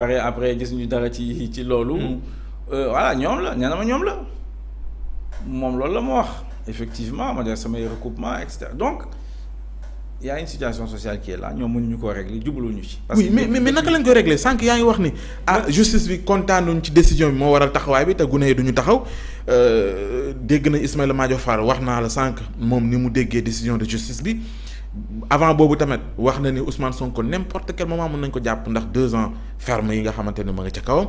pare après gis ñu dala ci ci loolu. Mm. Euh, voilà ñoom la ñanama ñoom la moom loolu la ma wax effectivement ma def samay recoupement et donc yaa y a une situation sociale qui est là ñoom mënuñu koo régler jubluwuñu ci. parce que oui mais mais mais naka lañ koy régler sànq yaa ngi wax ni ah justice bi kontaanuñ ci décision bi moo waral taxawaay bi te gune yi duñu taxaw euh, dégg na Ismaïla Madior Fall wax naa la sànq moom ni mu déggee décision de justice bi. avant boobu tamit wax na ni Ousmane Sonko n'importe quel moment mën nañ ko jàpp ndax deux ans ferme yi nga xamante ne ma nga ca kawam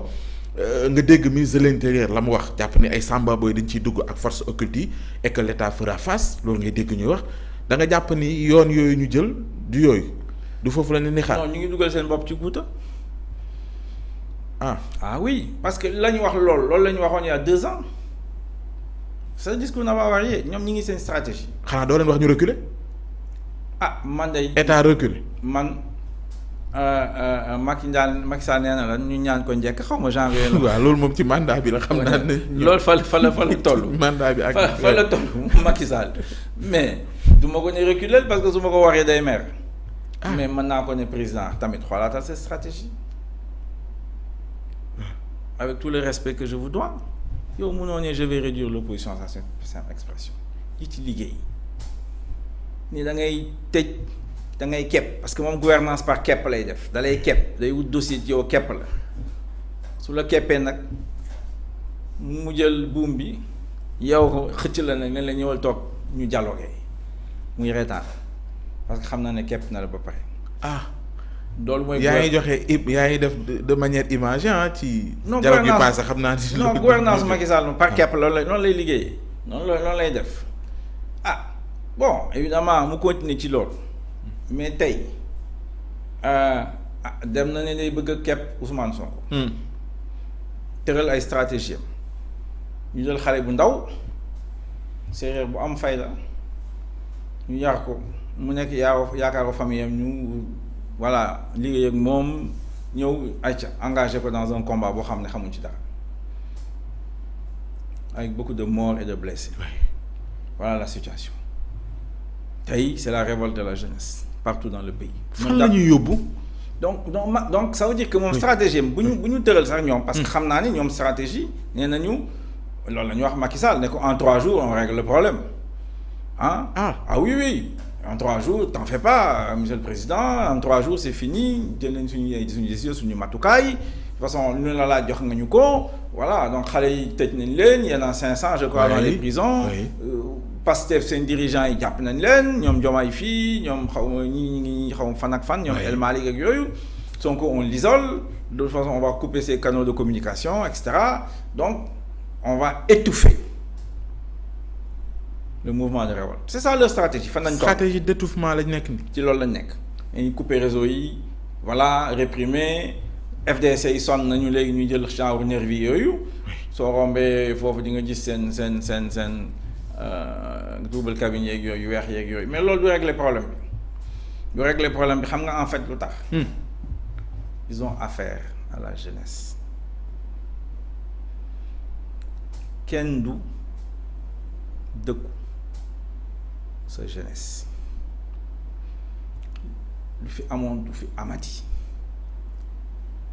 euh, nga dégg ministre de l'intérieur la mu wax jàpp ni ay samba boy dañ ciy dugg ak force occulte yi et que l'état fera face loolu ngay dégg ñuy wax da jàpp ni yoon yooyu ñu jël du yooyu du foofu la ne ni xaar. ñu ngi dugal seen bopp ci guuta ah ah oui parce que la ñu wax lool loolu lañu waxoon il y a deux ans ce discours n'a pas varié ñoom ñi ngi seen stratégie. xanaa doo leen wax ñu reculer. ah man de état recul man euh, euh, euh, Macky Ndiaye Macky Sall nee na la ñu ñaan ko njëkk xaw ma janvier la. waaw loolu moom ci mandat bi la xam naa ne. loolu fa fa la fa la toll. mandat bi ak fa fa la toll Macky Sall mais du ma ko ne reculer parce que su ma ko waxee day mer. Ah. mais mën naa ko ne président tamit xoolaatal sa stratégie. avec tout le respect que je vous dois yow mënoo ne je vais réduire l'opposition à son expression yi ci liggéey. nii da ngay tëj da ngay kepp parce que moom gouvernance par kepp lay def da lay kepp day wut dossier yow kepp la su la keppee nag mu jël buum bi yow xëcc la nag ne la ñëwal toog ñu dialogué muy reetaan parce que xam naa ne kepp na la ba pare ah loolu mooy yaa ngi joxe yaa ngi def de manière image ah ci dialogue bi passé xam naa non gouvernance Macky Sall par ah. kepp loolu lay noonu lay liggéeyee noonu la lay def bon évidemment mu continuer ci loolu mais tey euh, ah, dem na ne day bëgg a kepp Ousmane Sonko. Hmm. tëral ay stratégie am ñu jël xale bu ndaw séeréer bu am fayda ñu yar ko mu nekk yaa yaakaaru famille am ñu voilà liggéey ak moom ñëw ayca engagé ko dans un combat boo xam ne xamuñ ci dara avec de morts et de blessés voilà la situation tey c'est la révolte la jeunesse partout dans le pays. fan la ñuy yóbbu. donc donc ma donc ça veut dire que moom stratégie am bu ñu bu ñu tëral sax ñoom. parce que hmm. xam naa ni ñoom stratégie nee nañu loolu la ñu wax Macky Sall ne ko en trois jours on règle le problème ah. ah ah oui oui en trois jours t'en fais pas monsieur le président en trois jours c'est fini jël nañ suñu suñu décision suñu matukaay. de toute façon lu la laa jox nga ñu ko voilà donc xale yi tëj nañ leen yenn cinq cent je crois dans les prisons. Euh, Pastef seen dirigeant yi jàpp nañ leen ñoom Diomaye fii ñoom xaw ma ñi ñi xaw ma fan ak fan ñoom El Malick ak yooyu Sonko on l'isole de toute façon on va couper ses canaux de communication et cetera donc on va étouffer le mouvement de révolte c'est ça leur stratégie fan lañ toog stratégie d'étouffement lañ nekk ni ci loolu lañ nekk dañuy couper réseau yi voilà réprimer FDC yi sonn nañu léegi ñuy jël genre nervi yooyu soo rombee foofu di nga gis seen seen seen seen Euh, double cabine yeeg yooyu weex yeeg yooyu mais loolu du régler problème bi du régler problème bi xam nga en fait lu tax. Hmm. ils ont affaire à la jeunesse kenn du dëkku sa jeunesse lu fi amoon du fi amati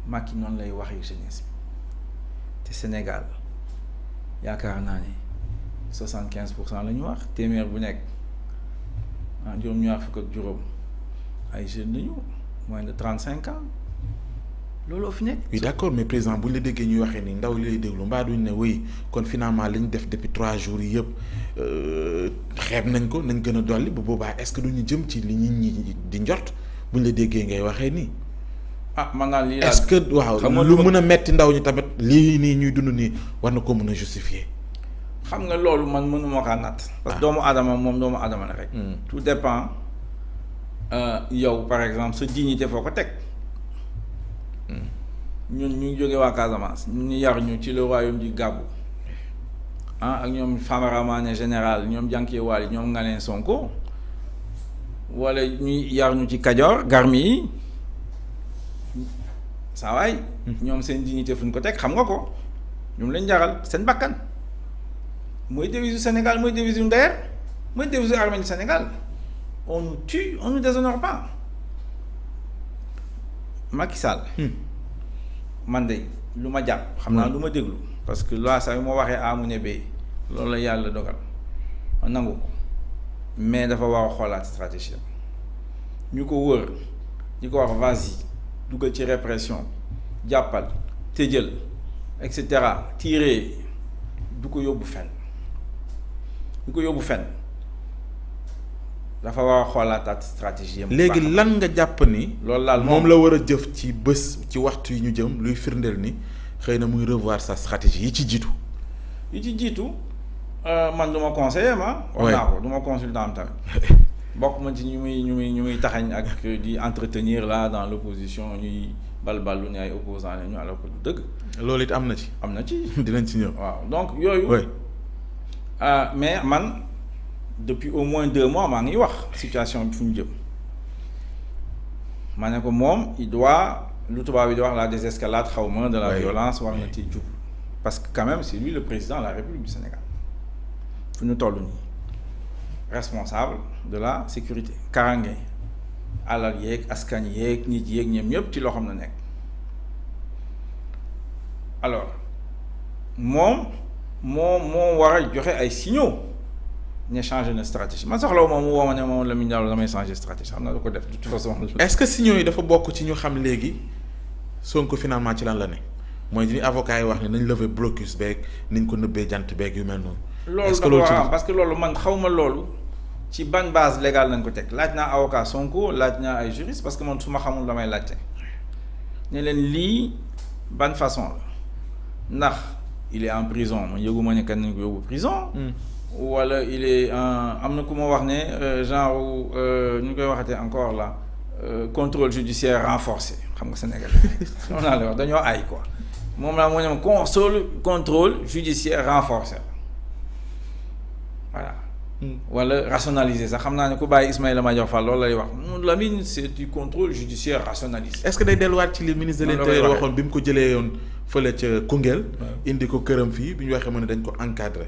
Macky noonu lay waxee jeunesse bi te Sénégal yaakaar naa ne. soixante quinze pour cent la ñu wax téeméer bu nekk ah juróom-ñaar fukk ak juróom ay jeunes lañu ñu moins de trente cinq ans looloo fi nekk. oui d' accord mais président bu la déggee ñuy waxee ni ndaw li lay déglu mbaa duñ ne oui kon finalement li ñu def depuis trois jours yi yëpp euh, xeeb nañ ko nañ gën a dolli bu boobaa est ce que duñu jëm ci li ñu ñi di bu ñu la déggee ngay waxee nii. ah man daal lii est ce que waaw lu mën a metti ndaw ñi tamit lii nii ñuy dund nii war na ko mun a justifier. xam nga loolu man mënuma kaa natt. parce que doomu aadama moom doomu adama la rek. Hmm. tout dépend euh, yow par exemple sa dignité foo ko teg. Hmm. ñun ñu jóge waa Casamance ñu yar ñu ci le royaume du Gabou ah ak ñoom Famara Mané général ñoom Dianké Wally ñoom nga Ngalen Sonko wala ñu yar ñu ci Kajoor garmi yi saa waay hmm. ñoom seen dignité fu ñu ko teg xam nga ko ñoom lañ jaral seen bakkan. mooy devise du Sénégal mooy devise yu Nder mooy devise yu armée du Sénégal on nous tue on nous déshonore pas Macky Sall. Hmm. man de lu ma jàpp. xam naa hmm. lu ma déglu. parce que loi saa yu ma waxee A mu ne B loolu la yàlla dogal ma nangu ko mais dafa war a xoolaat stratégie ñu ko wër di ko wax vas-y dugal ci répression jàppal tëjal et cetera tirer du ko yóbbu fenn. du ko yóbbu fenn dafa war a xoolaataat stratégie am. léegi lan nga jàpp ni. lool laal moom la war a jëf ci bés ci waxtu yi ñu jëm luy firndeel ni xëy na muy revoir sa stratégie yi ci jiitu. yi ci jiitu euh, man du ma conseiller ma. wax ko du ma consultant tamit. bokk ma ci ñu muy ñu muy ñu muy taxañ ak di entretenir là dans l'opposition ñuy balbal lu ñu ay opposants la ñu alors que du dëgg. loolu it am na ci. am na ci dinañ ci ñëw. waaw donc yooyu. Euh, mais man depuis au moins deux mois maa ngi wax situation bi fu ñu jëm ma ne ko moom il doit lu tubaab yi di wax la désescalade xaw ma de la violence war na ci jub parce que quand même c'est lui le président de la République du Sénégal fu ñu toll nii responsable de la sécurité karange alal yeeg askan yeeg nit yeeg ñoom ñëpp ci loo xam na nekk alors moom moo moo war a joxe ay signaux ne changé na stratégie man soxla wu ma mu woo ma ne moom la ñu daal damay changé stratégie xam naa du ko def de toute façon. est yi dafa bokk ci ñu xam léegi Sonko finalement ci lan la ne mooy li avocat yi wax ne nañ lever blocus beeg nañ ko nëbbee jant beeg yu mel noonu. est-ce que loolu parce que loolu man xaw ma loolu ci ban base légale nañ ko teg laaj naa avocat Sonko laaj naa ay juriste parce que man su ma xamul damay laajte ne leen lii ban façon il est en prison man yëguma ne kan nañ ko yóbbu prison hmm. wala il est euh, am na ku ma wax ne euh, genre euh, ñu koy waxatee encore là contrôle judiciaire renforcé xam nga Sénégal on a wax dañoo ay quoi moom laa moo ne ma contrôle judiciaire renforcé voilà Hmm. wala rationaliser sax xam naa ne ko bàyyi Ismaïla Madior Fall loolu lay wax Lamine c'est du contrôle judiciaire rationalisé. est-ce que day delluwaat ci li ministre de l'intérieur waxoon bi mu ko jëlee yoon fële ca Koungheul. indi ko këram fii bi ñu waxee mu ne dañ ko encadré.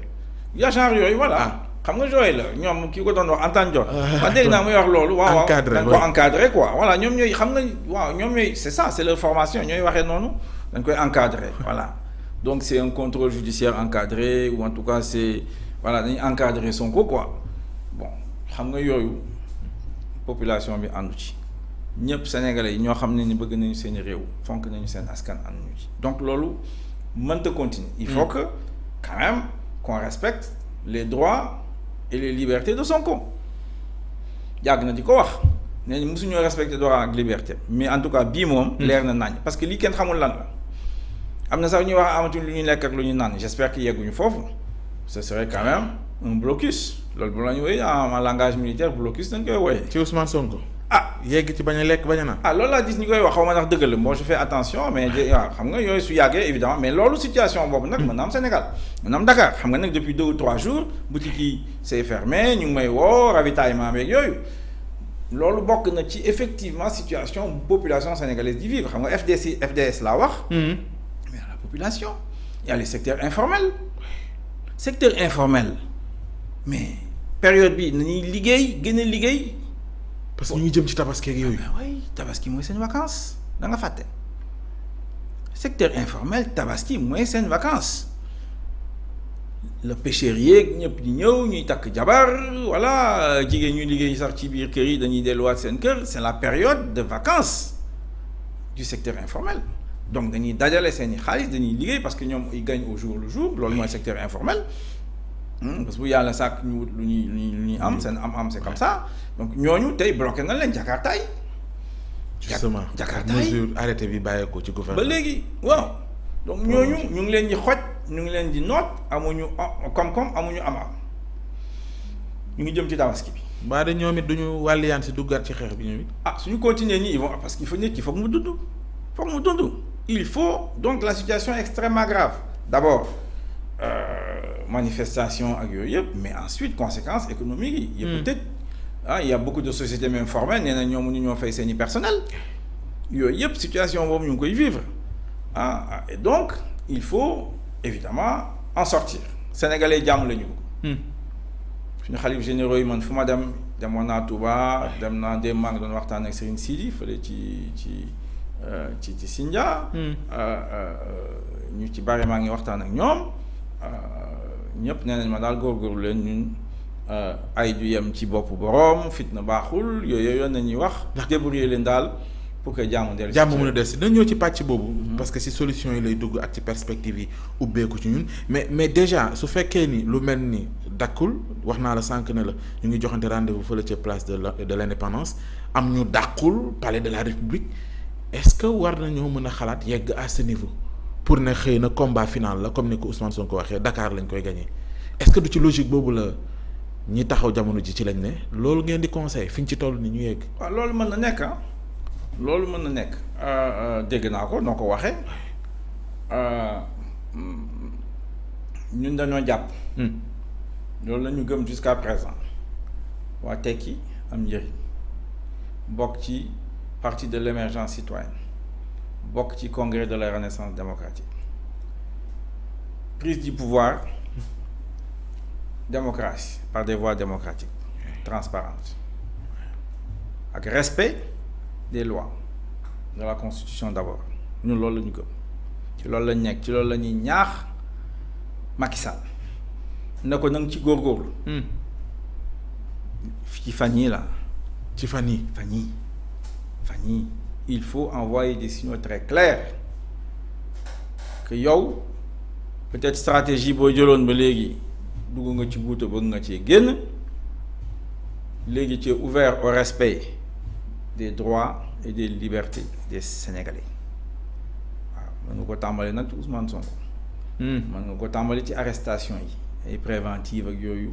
yaa genre yooyu voilà. Ah. xam nga jooy la ñoom kii ko doon wax Antañ Dior. wax ah, dégg naa muy wax loolu. waaw waaw dañ ko encadré quoi voilà ñoom ñooy xam nga waaw ñoom ñooy c'est ça formation ñooy waxee noonu dañ koy encadré voilà donc c'est un contrôle judiciaire encadré ou en tout cas c'est voilà dañuy encadrer Sonko ko bon xam nga yooyu population bi àndu ci ñëpp sénégalais yi ñoo xam ne ni bëgg nañu seen réew fonk nañu seen askan ànduñu ci donc loolu mënta continuer il faut mm. que quand même qu'on respecte les droit et les libertés de Sonko yàgg na di ko wax ne mosuñoo respecter droit ak liberté mais en tout cas bii moom mm. leer na nañ parce que lii kenn xamul lan la am na sax ñuy wax amatuñ lu ñu lekk ak lu ñu naan j'espère que yegguñu foofu ce serait quand même un blocus loolu bu la ñu wooyee en langage militaire blocus dañ koy wooyee. ci Ousmane ah yegg ci bañ a lekk bañ a naan. ah loolu laa gis ñu koy wax xaw ma ndax dëgg la moo je fais attention mais waaw ah, xam nga yooyu su yàggee évidemment mais loolu situation boobu nag mën na am Sénégal mën na am Dakar xam nga nag depuis deux ou trois jours boutique yi c'est fermé ñu ngi may woo ravitaillement beeg yooyu. loolu bokk na ci effectivement situation population sénégalaise di vivre xam nga FDC FDS laa wax. Hmm. mais la population. secteur informel mais période bi nañuy liggéey gën liggéey. parce que ñu ngi jëm ci tabaski ak yooyu. Ah tabaski mooy seen vacances da nga fàtte secteur informel tabaski mooy seen vacances le pêcheur yeeg ñëpp di ñëw ñuy takk jabar voilà jigéen ñuy liggéey sax ci biir kër yi dañuy delluwaat seen kër c'est la période de vacances du secteur informel. donc dañuy dajale seen i xaalis dañuy liggéey parce que ñoom ils gagnent au jour le jour loolu mooy secteur informel hmm, parce que yàlla sàkk ñu wut lu ñuy lu ñu am hmm. seen am am c'est comme ça donc ñooñu tey bloqué na leen Jakarta yi. justement Jakarta yi mesure arrêté bi bàyyeekoo ci gouvernement. ba léegi waaw. donc ñooñu ñu ngi leen di xoj ñu ngi leen di noot amuñu koom-koom amuñu am am ñu ngi jëm ci tabaski bi. mbaa de ñoom it duñu wàlliyaan si duggaat ci xeex bi ñoom it. ah suñu continuer ñi ils vont parce que il faut nit ki foog mu dund foog mu dund. il faut donc la situation est extrêmement grave d'abord euh, ak yooyu yëpp mais ensuite conséquences économiques yi yëpp mm. peut-être ah il y a beaucoup de sociétés même formelles nee na ñoom mënu ñoo fay seeni personnel yooyu yëpp situation boobu ñu ngi koy vivre ah et donc il faut évidemment en sortir sénégalais jàmm la ñu bëgg hmm. suñu xalif généraux yi man fu ma dem demoon naa Touba dem naa démb maa ngi doon waxtaan ak Serigne Sidi fële ci ci ci euh, ci Sindia. Hmm. Euh, euh, ñu ci bari maa ngi waxtaan ak ñoom ñëpp nee nañ ma daal góorgóorlu leen ñun ay du yem ci bopp boroom fitna baaxul yooyu yoon nañuy wax. débrouiller leen daal pour que jàmm dellu si. jàmm mën a dellu si dina ñëw ci pàcc boobu. Hmm. parce que si solution yi lay dugg ak ci perspective yi ubbeeku ci ñun mais mais déjà su fekkee ni lu mel ni dakkul wax naa la sànq ne la ñu ngi joxante rendez-vous fële ci place de de l'indépendance am ñu dàqul palais de la république. est-ce que war nañoo mën a xalaat yegg à ce niveau pour ne xëy na combat final la comme ni ko Ousmane Sonko waxee Dakar lañ koy gagné est-ce que du ci logique boobu la ñi taxaw jamono ji ci lañ ne loolu ngeen di conseil fi nu ci toll ni ñu yegg. waaw loolu mën na nekk ah. loolu mën na nekk euh, euh, dégg naa ko noo ko waxee euh, ñun dañoo jàpp. Hmm. loolu la ñu gëm jusqu'à présent waa tekki am njëriñ bokk ci. parti de l'émergence citoyenne bokk ci congrès de la renaissance démocratique prise du pouvoir démocratie par des voies démocratiques transparentes ak respect des lois de la constitution d'abord ñun loolu la ñu gëm ci loolu lañ nekk ci loolu la ñuy ñaax Macky Sall na ko na nga ci hmm. la ci fan yii Fanny il faut envoyer des signaux très clairs que yow peut-être stratégie boo jëloon ba léegi dugg nga ci guuta bëgg nga cee génn léegi tu es ouvert au respect des droits et des libertés des Sénégalais waaw mën nga ko tàmbali nag ci Ousmane Sonko. Hmm. mën nga ko tàmbali ci arrestation yi ay préventive ak yooyu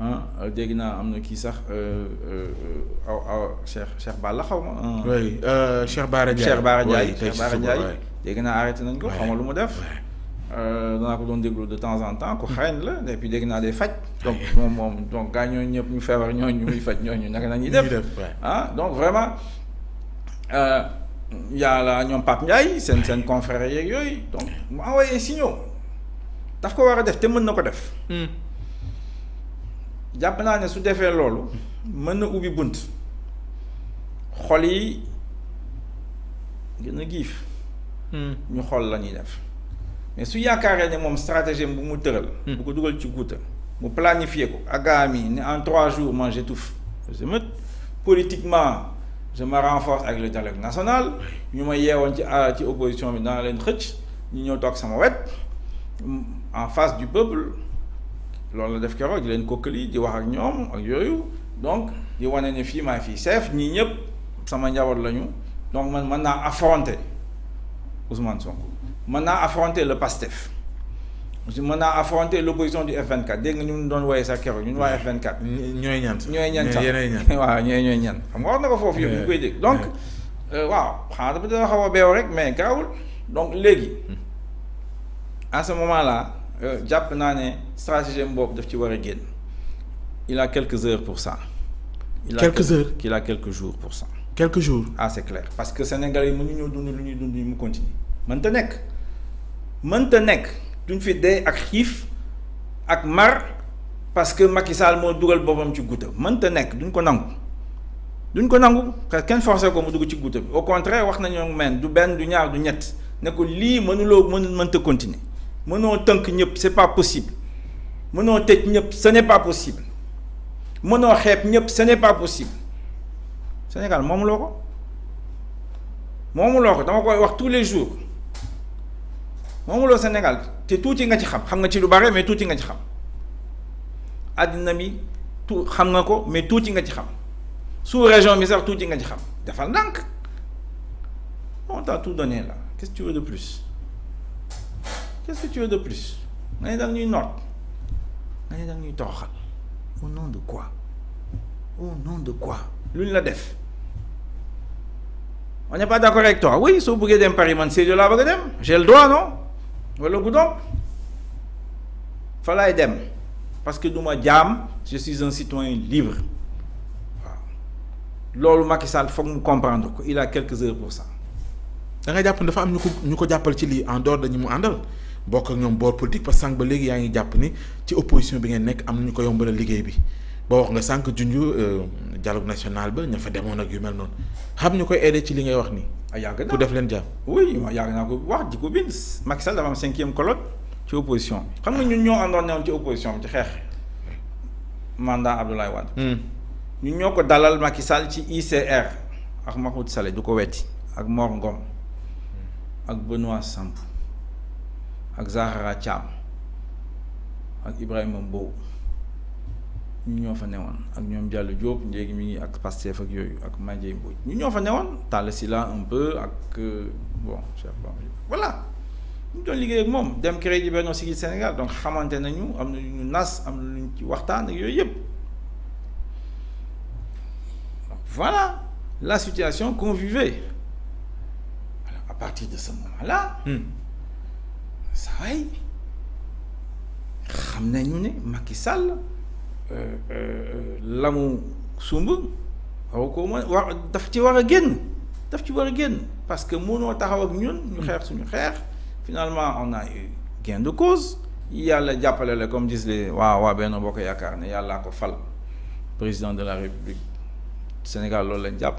ah dégg naa am na kii sax euh, euh, euh, aw aw Cheikh Cheikh Balla xaw ma. Ah. oui Cheikh Baara Ndiaye Cheikh Baara Ndiaye Cheikh Baara Ndiaye dégg naa arrêté nañ ko. xaw ma lu mu def. danaa ko doon déglu de temps en temps ku hmm. xarañ la et puis dégg naa day faj. donc moom moom donc gars ñooñu ñëpp ñu feebar ñooñu muy faj ñooñu naka la ñuy def. ah donc vraiment. yàlla ñoom Pape Ndiaye seen seen confrère yeeg yooyu donc mu envoyé signaux daf ko war a def te mën na ko def. Hmm. jàpp naa ne su defee loolu mën na ubbi bunt xol yi gën a giif hmm. ñu xool la ñuy def mais su yaakaaree ne moom stratégie bu mu tëral hmm. bu ko dugal ci guuta mu planifier ko agaam yi ne en trois jours man j'étouffe je me politiquement je me renforce avec le dialogue national ñu ma yeewoon ci euh, ci opposition bi dana leen xëcc ñu ñëw toog sama wet en face du peuple loolu la def keroog di leen kokkali wax ak ñoom ak yooyu donc di na ne fii maa fii chef nii ñëpp sama njaboot lañu donc man mën naa affronter Ousmane Sonko mën naa affronter le PASTEF mën naa affronter l'opposition du F24 dégg nga ñu doon woowee sa keroog ñun waa F24. ñooy ñan sax ñooy ñan sax waaw ñooy ñooy ñan xam nga wax na ko foofu yëpp ñu koy dégg donc euh, waaw xanaa dafa dina xaw a beew rek mais gaawul donc léegi hmm. à ce moment là. Euh, jàpp naa ne stratégie boobu daf ci war a génn il a quelques heures pour cent il a quelques heures il a quelques jours pour cent quelques jours ah c'est clair parce que Sénégalais yi mënuñoo dund lu ñuy dund yi mu continue mënta nekk mënta nekk duñ fi dee ak xiif ak mar parce que Macky Sall moo dugal boppam ci guuta mënta nekk duñ ko nangu duñ ko nangu kenn forcé ko mu dugg ci guuta bi au contraire wax nañoo men du benn du ñaar du ñett ne lii mënuloo mën mënta continuer mënoo tënk ñëpp c'est pas possible mënoo tëj ñëpp ce n'est pas possible mënoo xeeb ñëpp ce n'est pas possible Sénégal moomuloo ko moomuloo ko dama koy wax tous les jours moomuloo senegal te tuuti nga ci xam xam nga ci lu bare mais tuuti nga ci xam àddina mi tout xam nga ko mais tuuti nga ci xam sous région mi sax tuuti nga ci xam defal ndànk on t'a tout donné là qu'est-ce que tu de plus qu'est-ce que tu veux de plus nga ne da ñuy noot nga ne da ñuy toroxal au nom de quoi au nom de quoi lu ñu la def on n'est pas d'accord avec toi oui soo bëggee dem Paris man Sédio laa bëgg a dem j'ai le droit non wala guddoom fa laay dem parce que du ma jaam je suis un citoyen libre waaw loolu Macky Sall foog mu comprendre ko il a quelques heures pour ça. da ngay jàpp dafa am ñu ko ñu ko jàppal ci lii en dehors dañu mu àndal. bokk ak ñoom boor politique parce que sànq ba léegi yaa ngi jàpp ni ci opposition bi ngeen nekk am ñu ko yombalal liggéey bi ba wax nga sànq junj euh, dialogue national ba ñu fa demoon ak yu mel noonu xam ñu koy aidé ci li ngay wax ni ah yàgg naa def leen jàmm. oui yàgg naa ko wax di ko bind. Macky Sall dafa am cinquième colloque ci opposition xam nga ñun ñoo àndoon ne woon ci opposition bi ci xeex mandat Abdoulaye Wade. Hmm. ñun ñoo ko dalal Macky Sall ci ICR ak Mahmoud Saleh du ko wetti ak Mor Ngom ak Benoît ak Zahra Thiam ak ibrahim Mbow ñu ñoo fa newoon ak ñoom Diallo Diop léegi mi ngi ak Pastef ak yooyu ak Madiaye Mbodj ñu ñoo fa newoon Talla Sylla un peu ak euh, bon chef voilà ñu doon liggéey ak moom dem créé ji Benno Siggil Sénégal donc xamante nañu am na lu ñu nas am na lu ñu ci waxtaan ak yooyu yëpp voilà la situation qu'on vivait de ce moment-là. Hmm. saay xam nañu ne Macky Sall euh, euh, la mu sumb waru ko mën war daf ci war a génn daf ci war a génn parce que mënoo taxaw ak ñun ñu xeex suñu xeex finalement on a eu gain de cause yàlla jàppale la comme disent les waaw waaw Benno ko Yaakaar ne yàllaa ko fal président de la République Sénégal loolu lañ jàpp